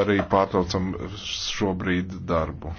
arī pārtraucam šobrīd darbu.